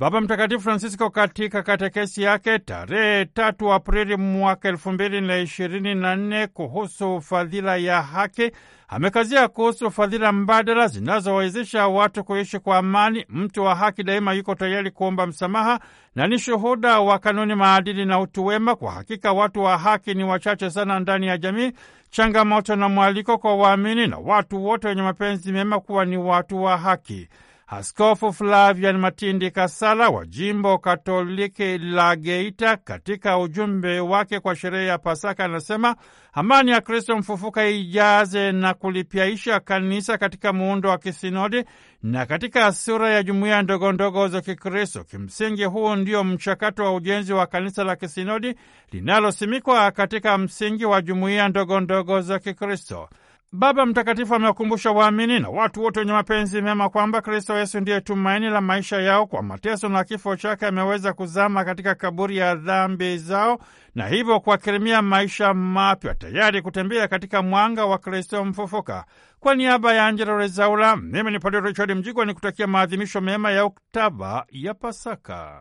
Baba Mtakatifu Francisco katika katekesi yake tarehe tatu Aprili mwaka elfu mbili na ishirini na nne kuhusu fadhila ya haki amekazia kuhusu fadhila mbadala zinazowawezesha watu kuishi kwa amani. Mtu wa haki daima yuko tayari kuomba msamaha na ni shuhuda wa kanuni, maadili na utu wema. Kwa hakika watu wa haki ni wachache sana ndani ya jamii, changamoto na mwaliko kwa waamini na watu wote wenye mapenzi mema kuwa ni watu wa haki. Askofu Flavian Matindi Kasala wa jimbo Katoliki la Geita, katika ujumbe wake kwa sherehe ya Pasaka, anasema amani ya Kristo mfufuka ijaze na kulipyaisha kanisa katika muundo wa kisinodi na katika sura ya jumuiya ndogondogo za Kikristo. Kimsingi, huu ndio mchakato wa ujenzi wa kanisa la kisinodi linalosimikwa katika msingi wa jumuiya ndogondogo za Kikristo. Baba Mtakatifu amewakumbusha waamini na watu wote wenye mapenzi mema kwamba Kristo Yesu ndiye tumaini la maisha yao. Kwa mateso na kifo chake ameweza kuzama katika kaburi ya dhambi zao na hivyo kuwakirimia maisha mapya, tayari kutembea katika mwanga wa Kristo mfufuka. Kwa niaba ya Angelo Rezaula, mimi ni Padre Richard Mjigwa ni kutakia maadhimisho mema ya oktaba ya Pasaka.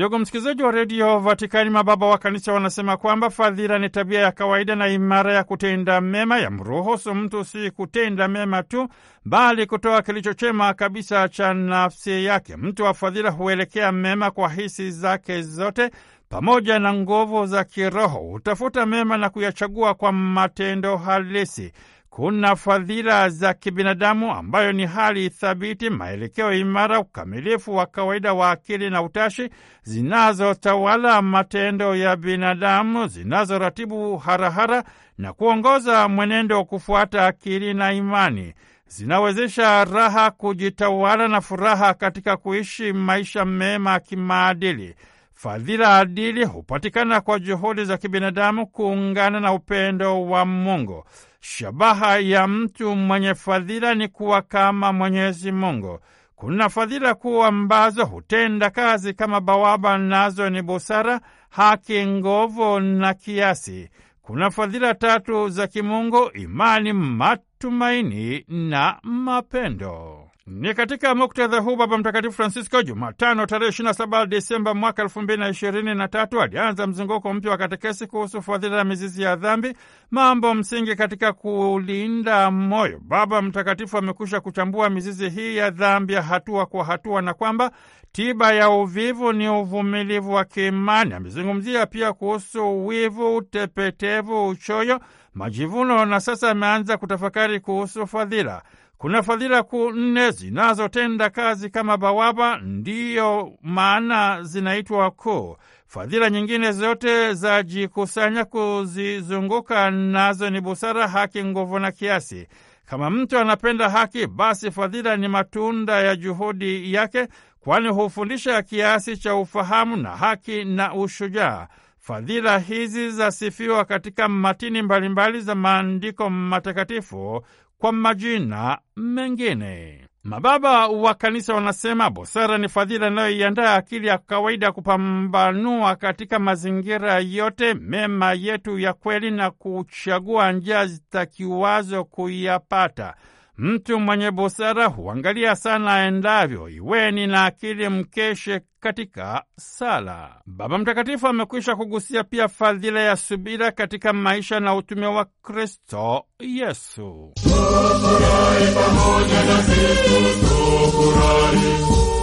Ndugu msikilizaji wa redio Vatikani, mababa wa kanisa wanasema kwamba fadhila ni tabia ya kawaida na imara ya kutenda mema, ya mruhusu mtu si kutenda mema tu, bali kutoa kilicho chema kabisa cha nafsi yake. Mtu wa fadhila huelekea mema kwa hisi zake zote pamoja na nguvu za kiroho, hutafuta mema na kuyachagua kwa matendo halisi kuna fadhila za kibinadamu ambayo ni hali thabiti, maelekeo imara, ukamilifu wa kawaida wa akili na utashi, zinazotawala matendo ya binadamu, zinazoratibu harahara na kuongoza mwenendo wa kufuata akili na imani zinawezesha raha kujitawala na furaha katika kuishi maisha mema kimaadili. Fadhila adili hupatikana kwa juhudi za kibinadamu kuungana na upendo wa Mungu. Shabaha ya mtu mwenye fadhila ni kuwa kama Mwenyezi Mungu. Kuna fadhila kuu ambazo hutenda kazi kama bawaba, nazo ni busara, haki, nguvu na kiasi. Kuna fadhila tatu za kimungu: imani, matumaini na mapendo. Ni katika muktadha huu Baba Mtakatifu Francisco Jumatano tarehe 27 Desemba mwaka 2023 alianza mzunguko mpya wa katekesi kuhusu fadhila ya mizizi ya dhambi, mambo msingi katika kulinda moyo. Baba Mtakatifu amekwisha kuchambua mizizi hii ya dhambi ya hatua kwa hatua, na kwamba tiba ya uvivu ni uvumilivu wa kiimani. Amezungumzia pia kuhusu wivu, utepetevu, uchoyo, majivuno, na sasa ameanza kutafakari kuhusu fadhila kuna fadhila kuu nne zinazotenda kazi kama bawaba, ndiyo maana zinaitwa kuu. Fadhila nyingine zote zajikusanya kuzizunguka, nazo ni busara, haki, nguvu na kiasi. Kama mtu anapenda haki, basi fadhila ni matunda ya juhudi yake, kwani hufundisha kiasi cha ufahamu na haki na ushujaa. Fadhila hizi zasifiwa katika matini mbalimbali za maandiko matakatifu kwa majina mengine. Mababa wa Kanisa wanasema bosara ni fadhila inayoiandaa akili ya kawaida kupambanua katika mazingira yote mema yetu ya kweli na kuchagua njia zitakiwazo kuyapata. Mtu mwenye busara huangalia sana aendavyo. Iweni na akili, mkeshe katika sala. Baba Mtakatifu amekwisha kugusia pia fadhila ya subira katika maisha na utume wa Kristo Yesu. Tufurahi pamoja na tufurahi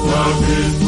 na Tufurahi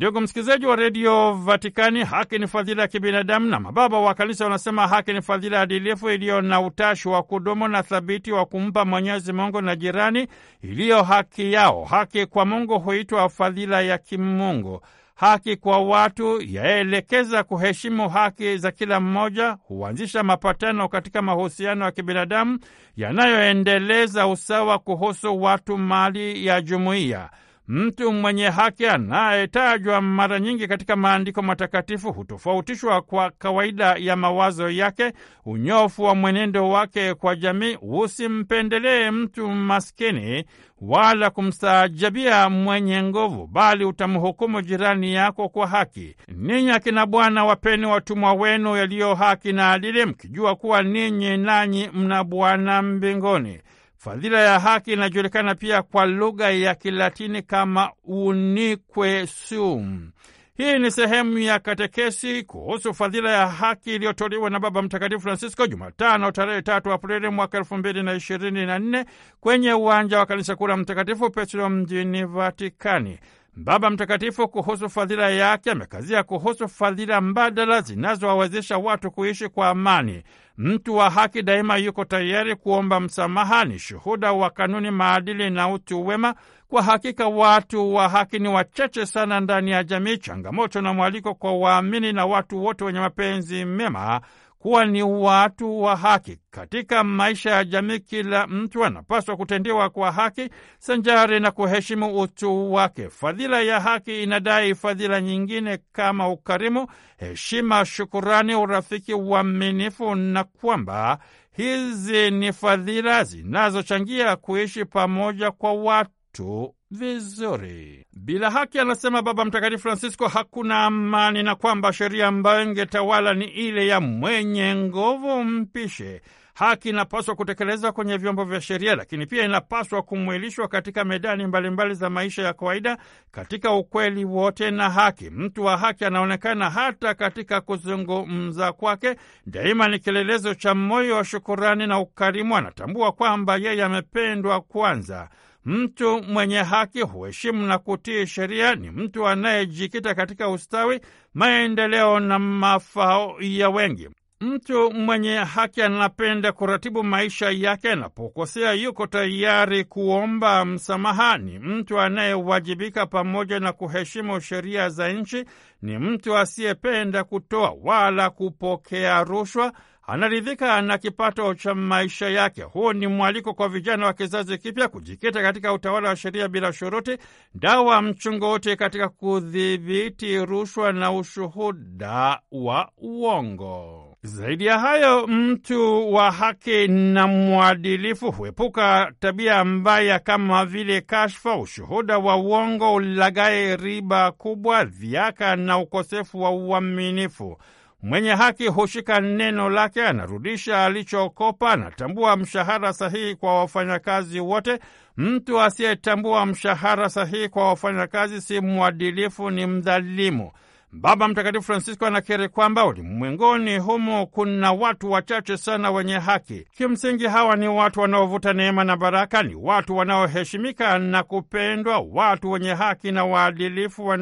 Ndugu msikilizaji wa redio Vatikani, haki ni fadhila ya kibinadamu, na mababa wa kanisa wanasema haki ni fadhila adilifu iliyo na utashi wa kudumu na thabiti wa kumpa Mwenyezi Mungu na jirani, iliyo haki yao. Haki kwa Mungu huitwa fadhila ya kimungu. Haki kwa watu yaelekeza kuheshimu haki za kila mmoja, huanzisha mapatano katika mahusiano ya kibinadamu yanayoendeleza usawa kuhusu watu, mali ya jumuiya. Mtu mwenye haki anayetajwa mara nyingi katika maandiko matakatifu hutofautishwa kwa kawaida ya mawazo yake, unyofu wa mwenendo wake kwa jamii. Usimpendelee mtu maskini wala kumstaajabia mwenye nguvu, bali utamhukumu jirani yako kwa haki. Ninyi akina bwana, wapeni watumwa wenu yaliyo haki na adili, mkijua kuwa ninyi nanyi mna Bwana mbinguni. Fadhila ya haki inajulikana pia kwa lugha ya Kilatini kama unique sum. Hii ni sehemu ya katekesi kuhusu fadhila ya haki iliyotolewa na Baba Mtakatifu Francisco Jumatano tarehe tatu Aprili mwaka elfu mbili na ishirini na nne kwenye uwanja wa kanisa kuu la Mtakatifu Petro mjini Vatikani. Baba Mtakatifu kuhusu fadhila yake amekazia kuhusu fadhila mbadala zinazowawezesha watu kuishi kwa amani. Mtu wa haki daima yuko tayari kuomba msamaha, ni shuhuda wa kanuni, maadili na utu wema. Kwa hakika watu wa haki ni wachache sana ndani ya jamii, changamoto na mwaliko kwa waamini na watu wote wenye mapenzi mema kuwa ni watu wa haki. Katika maisha ya jamii, kila mtu anapaswa kutendewa kwa haki sanjari na kuheshimu utu wake. Fadhila ya haki inadai fadhila nyingine kama ukarimu, heshima, shukurani, urafiki, uaminifu na kwamba hizi ni fadhila zinazochangia kuishi pamoja kwa watu vizuri. Bila haki, anasema Baba Mtakatifu Francisco, hakuna amani na kwamba sheria ambayo ingetawala ni ile ya mwenye nguvu mpishe. Haki inapaswa kutekelezwa kwenye vyombo vya sheria, lakini pia inapaswa kumwilishwa katika medani mbalimbali mbali za maisha ya kawaida katika ukweli wote na haki. Mtu wa haki anaonekana hata katika kuzungumza kwake, daima ni kielelezo cha moyo wa shukurani na ukarimu. Anatambua kwamba yeye amependwa kwanza. Mtu mwenye haki huheshimu na kutii sheria, ni mtu anayejikita katika ustawi, maendeleo na mafao ya wengi. Mtu mwenye haki anapenda kuratibu maisha yake, anapokosea yuko tayari kuomba msamaha, ni mtu anayewajibika pamoja na kuheshimu sheria za nchi, ni mtu asiyependa kutoa wala kupokea rushwa anaridhika na kipato cha maisha yake. Huo ni mwaliko kwa vijana wa kizazi kipya kujikita katika utawala wa sheria bila shuruti, dawa mchungo wote katika kudhibiti rushwa na ushuhuda wa uongo. Zaidi ya hayo, mtu wa haki na mwadilifu huepuka tabia mbaya kama vile kashfa, ushuhuda wa uongo, ulagae riba kubwa, dhiaka na ukosefu wa uaminifu. Mwenye haki hushika neno lake, anarudisha alichokopa, anatambua mshahara sahihi kwa wafanyakazi wote. Mtu asiyetambua mshahara sahihi kwa wafanyakazi si mwadilifu, ni mdhalimu. Baba Mtakatifu Francisco anakiri kwamba ulimwengoni humo kuna watu wachache sana wenye haki. Kimsingi hawa ni watu wanaovuta neema na baraka, ni watu wanaoheshimika na kupendwa, watu wenye haki na waadilifu,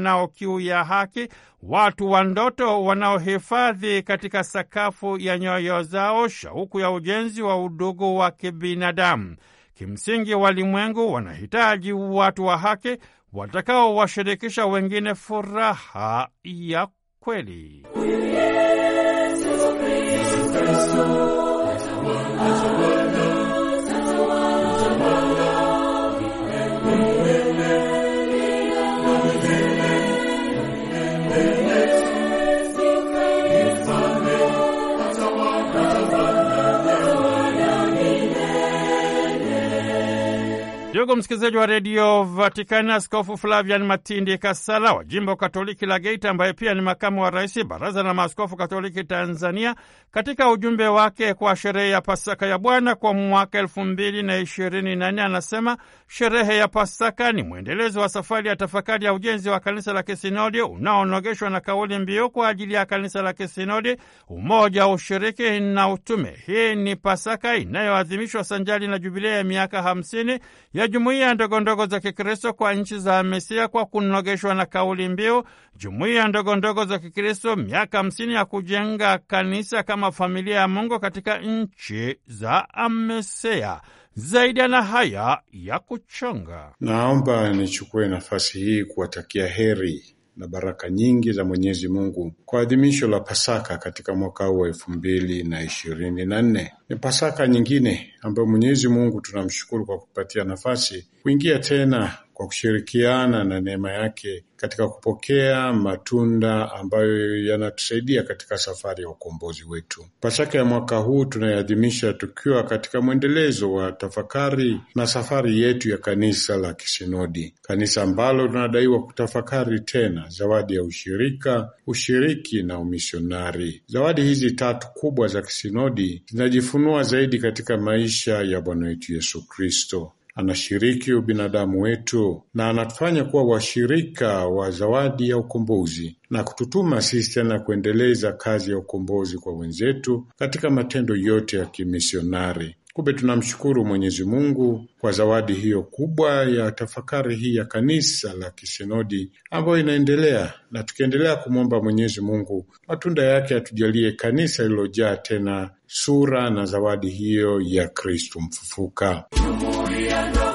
ya haki, watu wa ndoto wanaohifadhi katika sakafu ya nyoyo zao shauku ya ujenzi wa udugu wa kibinadamu. Kimsingi, walimwengu wanahitaji watu wa haki watakaowashirikisha wengine furaha ya kweli. Ndugu msikilizaji wa redio Vatikani, Askofu Flavian Matindi Kasala wa jimbo katoliki la Geita, ambaye pia ni makamu wa rais baraza la maaskofu katoliki Tanzania, katika ujumbe wake kwa sherehe ya Pasaka ya Bwana kwa mwaka elfu mbili na ishirini na nne anasema sherehe ya Pasaka ni mwendelezo wa safari ya tafakari ya ujenzi wa kanisa la kisinodi unaonogeshwa na kauli mbiu kwa ajili ya kanisa la kisinodi, umoja wa ushiriki na utume. Hii ni Pasaka inayoadhimishwa sanjali na jubilia ya miaka hamsini ya jumuiya ndogondogo za Kikristo kwa nchi za Amesia kwa kunogeshwa na kauli mbiu jumuiya ndogondogo za Kikristo miaka hamsini ya kujenga kanisa kama familia ya Mungu katika nchi za amesea Zaidi ana haya ya kuchonga, naomba nichukue nafasi hii kuwatakia heri na baraka nyingi za Mwenyezi Mungu kwa adhimisho la Pasaka katika mwaka huu wa elfu mbili na ishirini na nne. Ni Pasaka nyingine ambayo Mwenyezi Mungu tunamshukuru kwa kupatia nafasi kuingia tena kwa kushirikiana na neema yake katika kupokea matunda ambayo yanatusaidia katika safari ya ukombozi wetu. Pasaka ya mwaka huu tunayeadhimisha tukiwa katika mwendelezo wa tafakari na safari yetu ya kanisa la kisinodi, kanisa ambalo tunadaiwa kutafakari tena zawadi ya ushirika, ushiriki na umisionari. Zawadi hizi tatu kubwa za kisinodi zinajifunua zaidi katika maisha ya Bwana wetu Yesu Kristo anashiriki ubinadamu wetu na anatufanya kuwa washirika wa zawadi ya ukombozi na kututuma sisi tena kuendeleza kazi ya ukombozi kwa wenzetu katika matendo yote ya kimisionari. Kumbe tunamshukuru Mwenyezi Mungu kwa zawadi hiyo kubwa ya tafakari hii ya kanisa la kisinodi ambayo inaendelea, na tukiendelea kumwomba Mwenyezi Mungu matunda yake atujalie kanisa lililojaa tena sura na zawadi hiyo ya Kristu mfufuka. muriendo.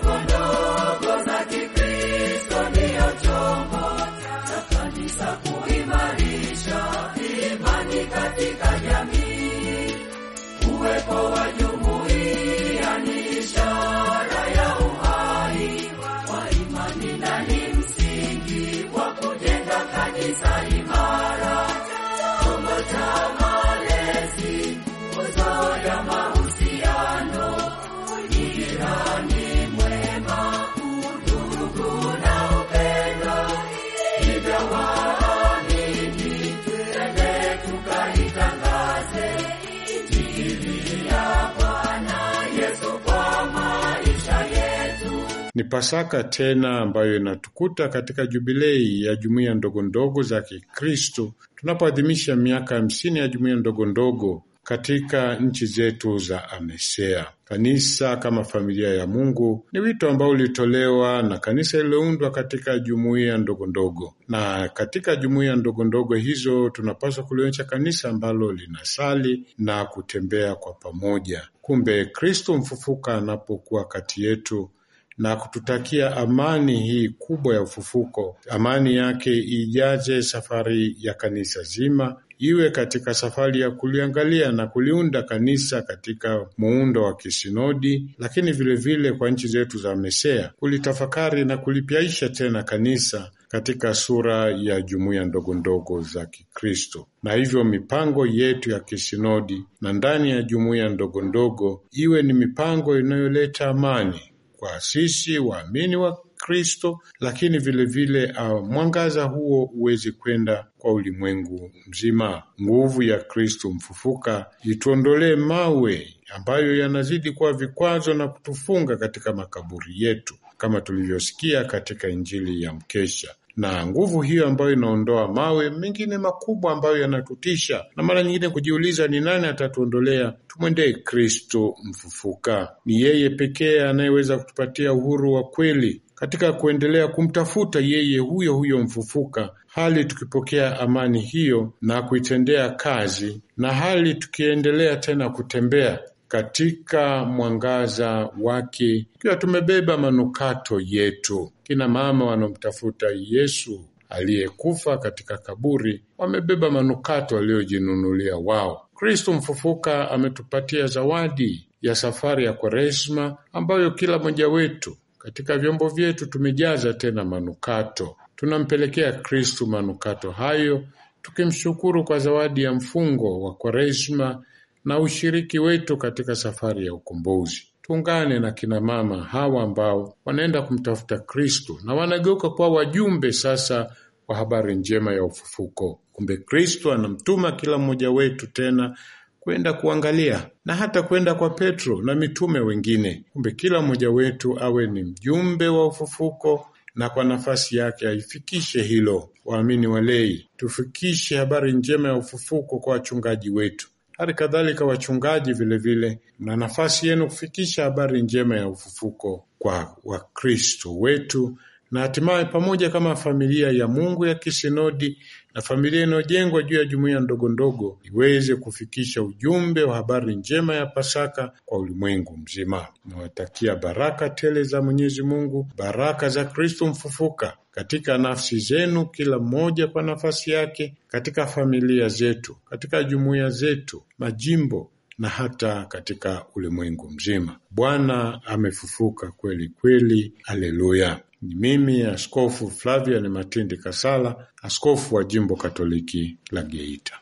Pasaka tena ambayo inatukuta katika jubilei ya jumuiya ndogo ndogo za Kikristo tunapoadhimisha miaka hamsini ya jumuiya ndogondogo katika nchi zetu za AMESEA. Kanisa kama familia ya Mungu ni wito ambao ulitolewa na kanisa lililoundwa katika jumuiya ndogondogo, na katika jumuiya ndogondogo hizo tunapaswa kulionyesha kanisa ambalo linasali na kutembea kwa pamoja. Kumbe Kristo mfufuka anapokuwa kati yetu na kututakia amani hii kubwa ya ufufuko. Amani yake ijaze safari ya kanisa zima, iwe katika safari ya kuliangalia na kuliunda kanisa katika muundo wa kisinodi, lakini vilevile vile kwa nchi zetu za Mesea kulitafakari na kulipyaisha tena kanisa katika sura ya jumuiya ndogo ndogo za Kikristo, na hivyo mipango yetu ya kisinodi na ndani ya jumuiya ndogo ndogo iwe ni mipango inayoleta amani kwa sisi waamini wa Kristo, lakini vilevile uh, mwangaza huo uweze kwenda kwa ulimwengu mzima. Nguvu ya Kristo mfufuka ituondolee mawe ambayo yanazidi kuwa vikwazo na kutufunga katika makaburi yetu, kama tulivyosikia katika Injili ya mkesha na nguvu hiyo ambayo inaondoa mawe mengine makubwa ambayo yanatutisha, na mara nyingine kujiuliza ni nani atatuondolea. Tumwendee Kristo mfufuka. Ni yeye pekee anayeweza kutupatia uhuru wa kweli katika kuendelea kumtafuta yeye huyo huyo mfufuka, hali tukipokea amani hiyo na kuitendea kazi, na hali tukiendelea tena kutembea katika mwangaza wake, tukiwa tumebeba manukato yetu. Kina mama wanaomtafuta Yesu aliyekufa katika kaburi wamebeba manukato aliyojinunulia wao. Kristo mfufuka ametupatia zawadi ya safari ya Kwaresma ambayo kila mmoja wetu katika vyombo vyetu tumejaza tena manukato. Tunampelekea Kristu manukato hayo tukimshukuru kwa zawadi ya mfungo wa Kwaresma na ushiriki wetu katika safari ya ukombozi. Tuungane na kina mama hawa ambao wanaenda kumtafuta Kristo na wanageuka kuwa wajumbe sasa wa habari njema ya ufufuko. Kumbe Kristo anamtuma kila mmoja wetu tena kwenda kuangalia na hata kwenda kwa Petro na mitume wengine. Kumbe kila mmoja wetu awe ni mjumbe wa ufufuko na kwa nafasi yake aifikishe hilo. Waamini walei, tufikishe habari njema ya ufufuko kwa wachungaji wetu, Hali kadhalika wachungaji vilevile na nafasi yenu kufikisha habari njema ya ufufuko kwa Wakristo wetu na hatimaye pamoja kama familia ya Mungu ya kisinodi na familia inayojengwa juu ya jumuiya ndogo ndogo iweze kufikisha ujumbe wa habari njema ya Pasaka kwa ulimwengu mzima. Nawatakia baraka tele za Mwenyezi Mungu, baraka za Kristo mfufuka katika nafsi zenu, kila mmoja kwa nafasi yake, katika familia zetu, katika jumuiya zetu, majimbo na hata katika ulimwengu mzima. Bwana amefufuka kweli kweli, aleluya! Ni mimi Askofu Flavian Matindi Kasala, askofu wa jimbo Katoliki la Geita.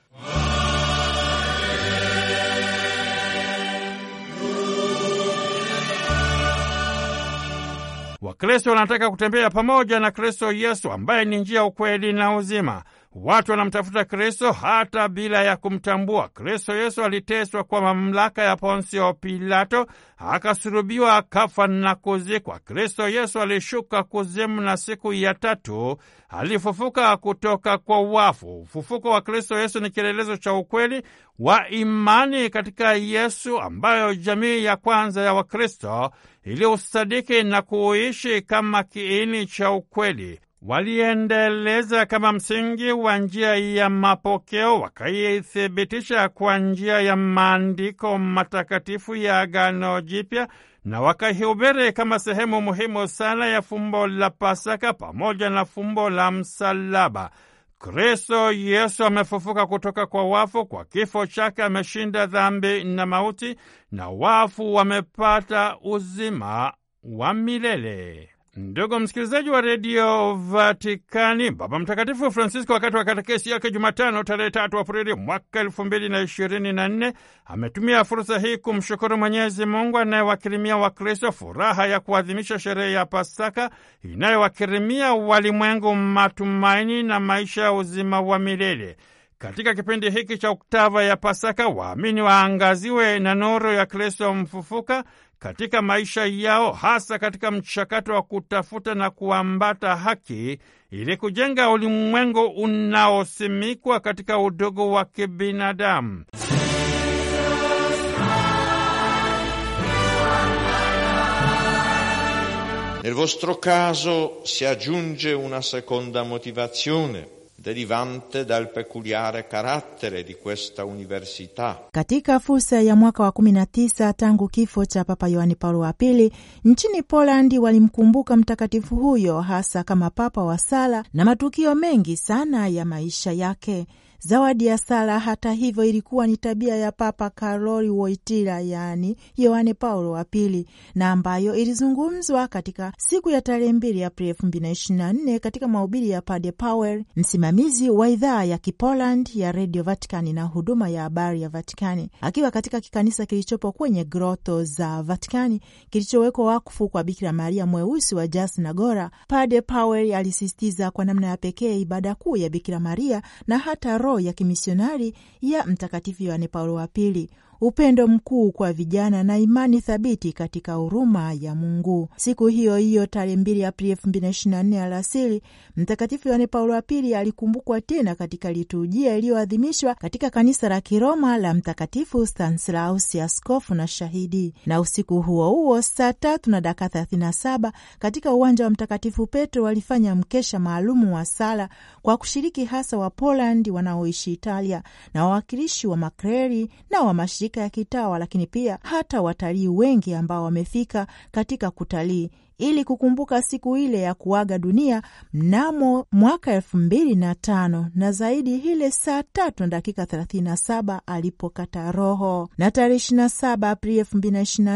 Wakristo wanataka kutembea pamoja na Kristo Yesu ambaye ni njia, ukweli na uzima. Watu wanamtafuta Kristo hata bila ya kumtambua. Kristo Yesu aliteswa kwa mamlaka ya Ponsio Pilato, akasulubiwa, akafa na kuzikwa. Kristo Yesu alishuka kuzimu na siku ya tatu alifufuka kutoka kwa wafu. Ufufuko wa Kristo Yesu ni kielelezo cha ukweli wa imani katika Yesu ambayo jamii ya kwanza ya Wakristo ili usadiki na kuishi kama kiini cha ukweli. Waliendeleza kama msingi wa njia ya mapokeo, wakaithibitisha kwa njia ya maandiko matakatifu ya Agano Jipya na wakaihubiri kama sehemu muhimu sana ya fumbo la Pasaka pamoja na fumbo la msalaba. Kristo Yesu amefufuka kutoka kwa wafu. Kwa kifo chake ameshinda dhambi na mauti, na wafu wamepata uzima wa milele. Ndugu msikilizaji wa redio Vatikani, Baba Mtakatifu Francisco wakati wa katekesi yake Jumatano tarehe tatu Aprili mwaka elfu mbili na ishirini na nne ametumia fursa hii kumshukuru Mwenyezi Mungu anayewakirimia Wakristo furaha ya kuadhimisha sherehe ya Pasaka inayowakirimia walimwengu matumaini na maisha ya uzima wa milele. Katika kipindi hiki cha oktava ya Pasaka, waamini waangaziwe na nuru ya Kristo mfufuka katika maisha yao, hasa katika mchakato wa kutafuta na kuambata haki ili kujenga ulimwengu unaosimikwa katika udogo wa kibinadamu. Nel vostro caso si aggiunge una seconda motivazione derivante dal peculiare carattere di questa università. Katika fursa ya mwaka wa 19 tangu kifo cha Papa Yohani Paulo wa pili nchini Polandi, walimkumbuka mtakatifu huyo hasa kama papa wa sala na matukio mengi sana ya maisha yake. Zawadi ya sala, hata hivyo, ilikuwa ni tabia ya Papa Karoli woitila yaani Yohane Paulo wa Pili, na ambayo ilizungumzwa katika siku ya tarehe mbili Aprili elfu mbili na ishirini na nne katika mahubiri ya Pade power msimamizi wa idhaa ya Kipoland ya Redio vaticani na huduma ya habari ya vaticani akiwa katika kikanisa kilichopo kwenye groto za vaticani kilichowekwa wakfu kwa Bikira Maria mweusi wa Jasna Gora. Pade power alisisitiza kwa namna ya pekee ibada kuu ya Bikira Maria na hata roho ya kimisionari ya Mtakatifu Yohane Paulo wa Pili upendo mkuu kwa vijana na imani thabiti katika huruma ya Mungu. Siku hiyo hiyo tarehe mbili Aprili elfu mbili na ishirini na nne alasiri, Mtakatifu Yohane Paulo wa Pili alikumbukwa tena katika liturujia iliyoadhimishwa katika kanisa la Kiroma la Mtakatifu Stanislaus, askofu na shahidi, na usiku huo huo saa tatu na dakika thelathini na saba katika uwanja wa Mtakatifu Petro walifanya mkesha maalumu wa sala kwa kushiriki hasa wa Polandi wanaoishi Italia na wawakilishi wa makreri na wa mashirika mashirika ya kitawa, lakini pia hata watalii wengi ambao wamefika katika kutalii ili kukumbuka siku ile ya kuaga dunia mnamo mwaka elfu mbili na tano na zaidi ile saa tatu na dakika 37 alipokata roho. Na tarehe 27 Aprili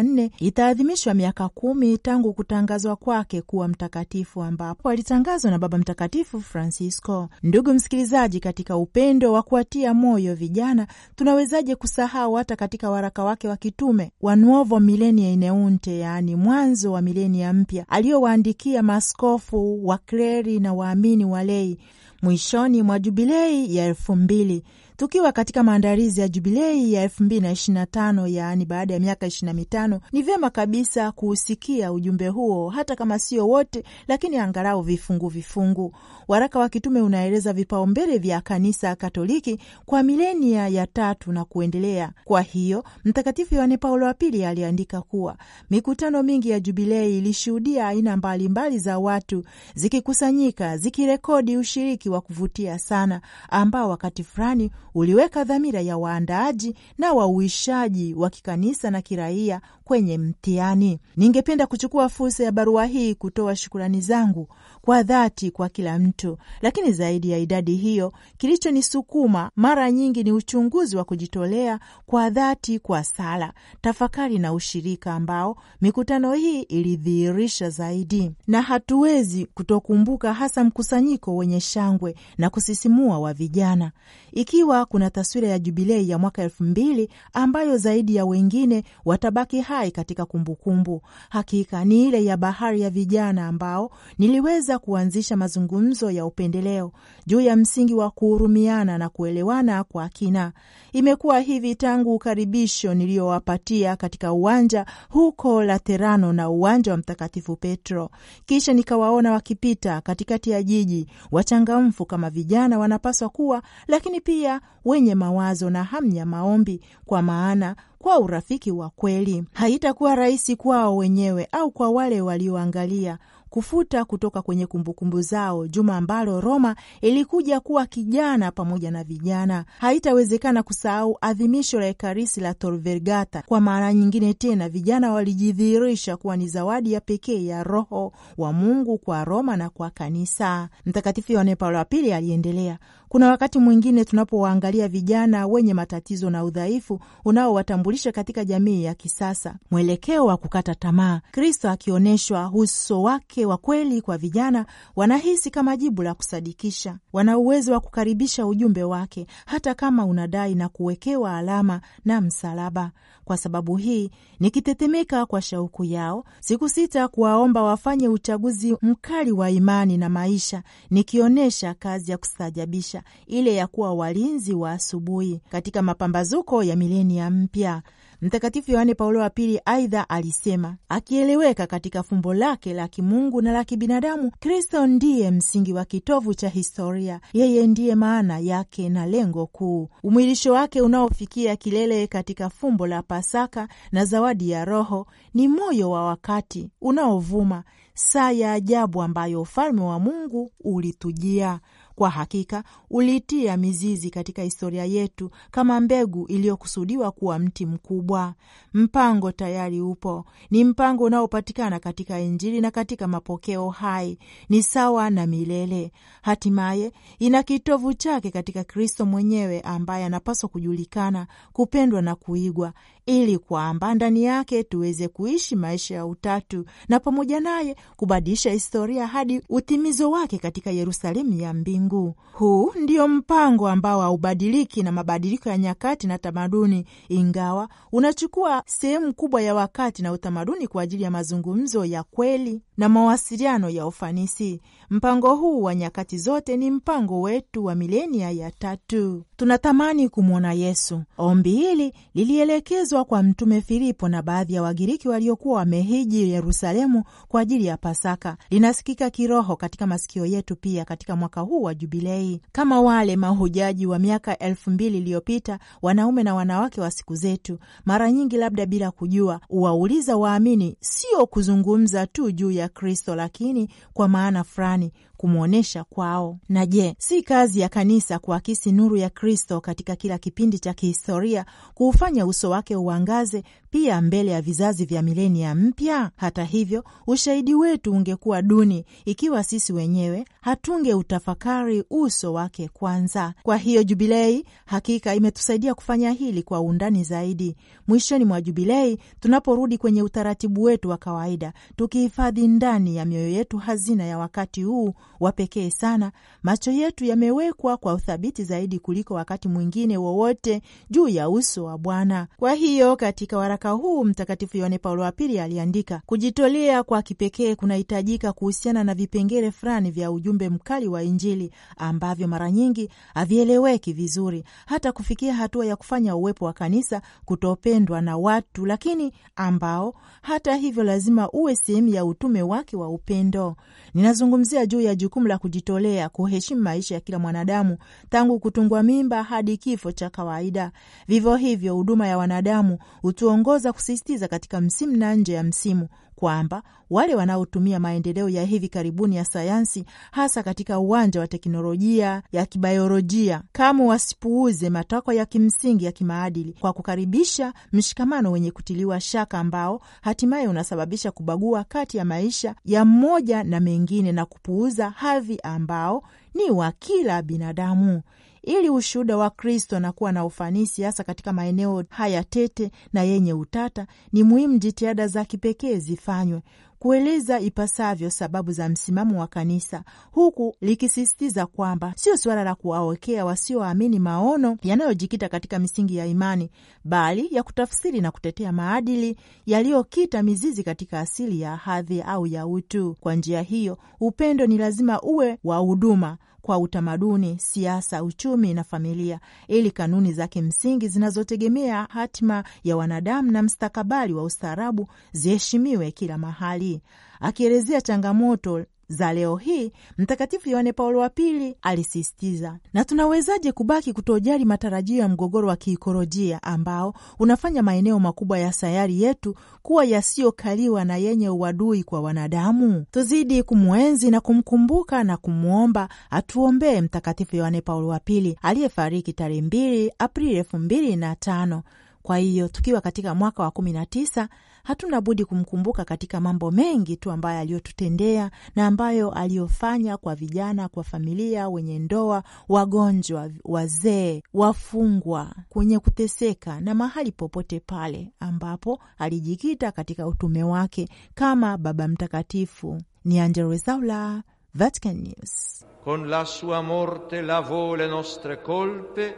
nne itaadhimishwa miaka kumi tangu kutangazwa kwake kuwa mtakatifu, ambapo alitangazwa na Baba Mtakatifu Francisco. Ndugu msikilizaji, katika upendo wa kuwatia moyo vijana, tunawezaje kusahau hata katika waraka wake wa kitume wa Nuovo Milenia Ineunte, yaani mwanzo wa milenia mpya mpya aliyowaandikia maaskofu, kleri na waamini walei mwishoni mwa jubilei ya elfu mbili Tukiwa katika maandalizi ya jubilei ya 2025 yaani baada ya miaka 25, ni vyema kabisa kuusikia ujumbe huo, hata kama sio wote, lakini angalau vifungu vifungu. Waraka wa kitume unaeleza vipaumbele vya kanisa Katoliki kwa milenia ya tatu na kuendelea. Kwa hiyo Mtakatifu Yohane Paulo wa Pili aliandika kuwa mikutano mingi ya jubilei ilishuhudia aina mbalimbali za watu zikikusanyika, zikirekodi ushiriki wa kuvutia sana ambao wakati fulani uliweka dhamira ya waandaaji na wauishaji wa kikanisa na kiraia kwenye mtihani. Ningependa kuchukua fursa ya barua hii kutoa shukurani zangu kwa dhati kwa kila mtu, lakini zaidi ya idadi hiyo, kilichonisukuma mara nyingi ni uchunguzi wa kujitolea kwa dhati kwa sala, tafakari na ushirika ambao mikutano hii ilidhihirisha zaidi, na hatuwezi kutokumbuka hasa mkusanyiko wenye shangwe na kusisimua wa vijana ikiwa kuna taswira ya jubilei ya mwaka elfu mbili ambayo zaidi ya wengine watabaki hai katika kumbukumbu. Hakika ni ile ya bahari ya vijana ambao niliweza kuanzisha mazungumzo ya upendeleo juu ya msingi wa kuhurumiana na kuelewana kwa kina. Imekuwa hivi tangu ukaribisho niliyowapatia katika uwanja huko Laterano na uwanja wa Mtakatifu Petro, kisha nikawaona wakipita katikati ya jiji wachangamfu kama vijana wanapaswa kuwa, lakini pia wenye mawazo na hamu ya maombi, kwa maana kwa urafiki wa kweli haitakuwa rahisi kwao wenyewe au kwa wale walioangalia kufuta kutoka kwenye kumbukumbu zao juma ambalo Roma ilikuja kuwa kijana pamoja na vijana. Haitawezekana kusahau adhimisho la Ekaristi la Torvergata. Kwa mara nyingine tena, vijana walijidhihirisha kuwa ni zawadi ya pekee ya Roho wa Mungu kwa Roma na kwa kanisa. Mtakatifu Yohane Paulo wa Pili aliendelea, kuna wakati mwingine tunapowaangalia vijana wenye matatizo na udhaifu unaowatambulisha katika jamii ya kisasa, mwelekeo wa kukata tamaa, Kristo akionyeshwa uso wake wake wa kweli kwa vijana wanahisi kama jibu la kusadikisha. Wana uwezo wa kukaribisha ujumbe wake hata kama unadai na kuwekewa alama na msalaba. Kwa sababu hii, nikitetemeka kwa shauku yao, siku sita kuwaomba wafanye uchaguzi mkali wa imani na maisha, nikionyesha kazi ya kustajabisha ile ya kuwa walinzi wa asubuhi katika mapambazuko ya milenia mpya. Mtakatifu Yohane Paulo wa Pili aidha alisema, akieleweka katika fumbo lake la kimungu na la kibinadamu, Kristo ndiye msingi wa kitovu cha historia, yeye ndiye maana yake na lengo kuu. Umwilisho wake unaofikia kilele katika fumbo la Pasaka na zawadi ya Roho ni moyo wa wakati unaovuma, saa ya ajabu ambayo ufalme wa Mungu ulitujia. Kwa hakika ulitia mizizi katika historia yetu kama mbegu iliyokusudiwa kuwa mti mkubwa. Mpango tayari upo, ni mpango unaopatikana katika Injili na katika mapokeo hai, ni sawa na milele. Hatimaye ina kitovu chake katika Kristo mwenyewe ambaye anapaswa kujulikana, kupendwa na kuigwa, ili kwamba ndani yake tuweze kuishi maisha ya utatu na pamoja naye kubadilisha historia hadi utimizo wake katika Yerusalemu ya mbingu. Huu ndio mpango ambao haubadiliki na mabadiliko ya nyakati na tamaduni, ingawa unachukua sehemu kubwa ya wakati na utamaduni kwa ajili ya mazungumzo ya kweli na mawasiliano ya ufanisi. Mpango huu wa nyakati zote ni mpango wetu wa milenia ya tatu. Tunatamani kumwona Yesu. Ombi hili lilielekezwa kwa Mtume Filipo na baadhi ya Wagiriki waliokuwa wamehiji Yerusalemu kwa ajili ya Pasaka. Linasikika kiroho katika masikio yetu pia katika mwaka huu wa Jubilei, kama wale mahujaji wa miaka elfu mbili iliyopita, wanaume na wanawake wa siku zetu, mara nyingi labda bila kujua, uwauliza waamini sio kuzungumza tu juu ya ya Kristo, lakini kwa maana fulani kumwonyesha kwao. Na je, si kazi ya kanisa kuakisi nuru ya Kristo katika kila kipindi cha kihistoria, kuufanya uso wake uangaze pia mbele ya vizazi vya milenia mpya? Hata hivyo, ushahidi wetu ungekuwa duni ikiwa sisi wenyewe hatunge utafakari uso wake kwanza. Kwa hiyo, Jubilei hakika imetusaidia kufanya hili kwa undani zaidi. Mwishoni mwa Jubilei, tunaporudi kwenye utaratibu wetu wa kawaida, tukihifadhi ndani ya mioyo yetu hazina ya wakati huu wa pekee sana, macho yetu yamewekwa kwa uthabiti zaidi kuliko wakati mwingine wowote juu ya uso wa Bwana. Kwa hiyo katika waraka huu Mtakatifu Yohane Paulo wa Pili aliandika, kujitolea kwa kipekee kunahitajika kuhusiana na vipengele fulani vya ujumbe mkali wa Injili ambavyo mara nyingi havieleweki vizuri, hata kufikia hatua ya kufanya uwepo wa kanisa kutopendwa na watu, lakini ambao hata hivyo lazima uwe sehemu ya utume wake wa upendo. Ninazungumzia juu ya jukumu la kujitolea kuheshimu maisha ya kila mwanadamu tangu kutungwa mimba hadi kifo cha kawaida. Vivyo hivyo, huduma ya wanadamu hutuongoza kusisitiza katika msimu na nje ya msimu kwamba wale wanaotumia maendeleo ya hivi karibuni ya sayansi, hasa katika uwanja wa teknolojia ya kibayolojia, kamwe wasipuuze matakwa ya kimsingi ya kimaadili kwa kukaribisha mshikamano wenye kutiliwa shaka ambao hatimaye unasababisha kubagua kati ya maisha ya mmoja na mengine na kupuuza hadhi ambao ni wa kila binadamu ili ushuhuda wa Kristo na kuwa na ufanisi hasa katika maeneo haya tete na yenye utata, ni muhimu jitihada za kipekee zifanywe kueleza ipasavyo sababu za msimamo wa kanisa, huku likisisitiza kwamba sio suala la kuwaokea wasioamini maono yanayojikita katika misingi ya imani, bali ya kutafsiri na kutetea maadili yaliyokita mizizi katika asili ya hadhi au ya utu. Kwa njia hiyo, upendo ni lazima uwe wa huduma kwa utamaduni, siasa, uchumi na familia, ili kanuni zake msingi zinazotegemea hatima ya wanadamu na mstakabali wa ustaarabu ziheshimiwe kila mahali, akielezea changamoto za leo hii, Mtakatifu Yohane Paulo wa Pili alisisitiza. Na tunawezaje kubaki kutojali matarajio ya mgogoro wa kiikolojia ambao unafanya maeneo makubwa ya sayari yetu kuwa yasiyokaliwa na yenye uadui kwa wanadamu? Tuzidi kumwenzi na kumkumbuka na kumwomba atuombee Mtakatifu Yohane Paulo wa Pili aliyefariki tarehe 2 Aprili elfu mbili na tano kwa hiyo tukiwa katika mwaka wa kumi na tisa hatuna budi kumkumbuka katika mambo mengi tu ambayo aliyotutendea na ambayo aliyofanya kwa vijana, kwa familia, wenye ndoa, wagonjwa, wazee, wafungwa, kwenye kuteseka na mahali popote pale ambapo alijikita katika utume wake kama Baba Mtakatifu. Ni Angella Rwezaula, Vatican News. Con la sua morte lavò le nostre colpe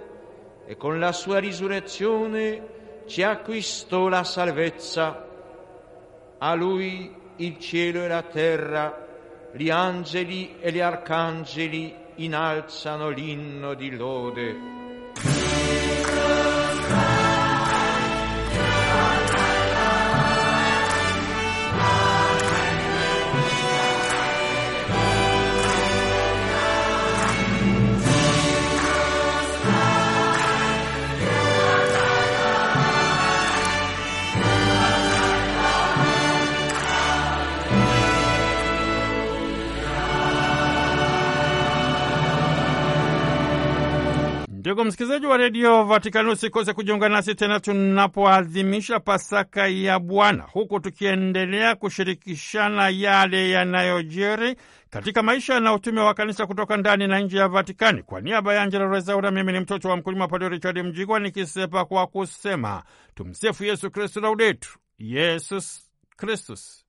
e con la sua risurrezione ci acquistò la salvezza. A lui il cielo e la terra, gli angeli e gli arcangeli innalzano l'inno di lode. Ndugu msikilizaji wa redio Vatikani, usikose kujiunga nasi tena tunapoadhimisha Pasaka ya Bwana, huku tukiendelea kushirikishana yale yanayojiri katika maisha na utume wa kanisa kutoka ndani na nje ya Vatikani. Kwa niaba ya Angela Rezaura, mimi ni mtoto wa mkulima Padre Richard Mjigwa, nikisepa kwa kusema tumsifu Yesu Kristu, laudetu Yesus Kristus.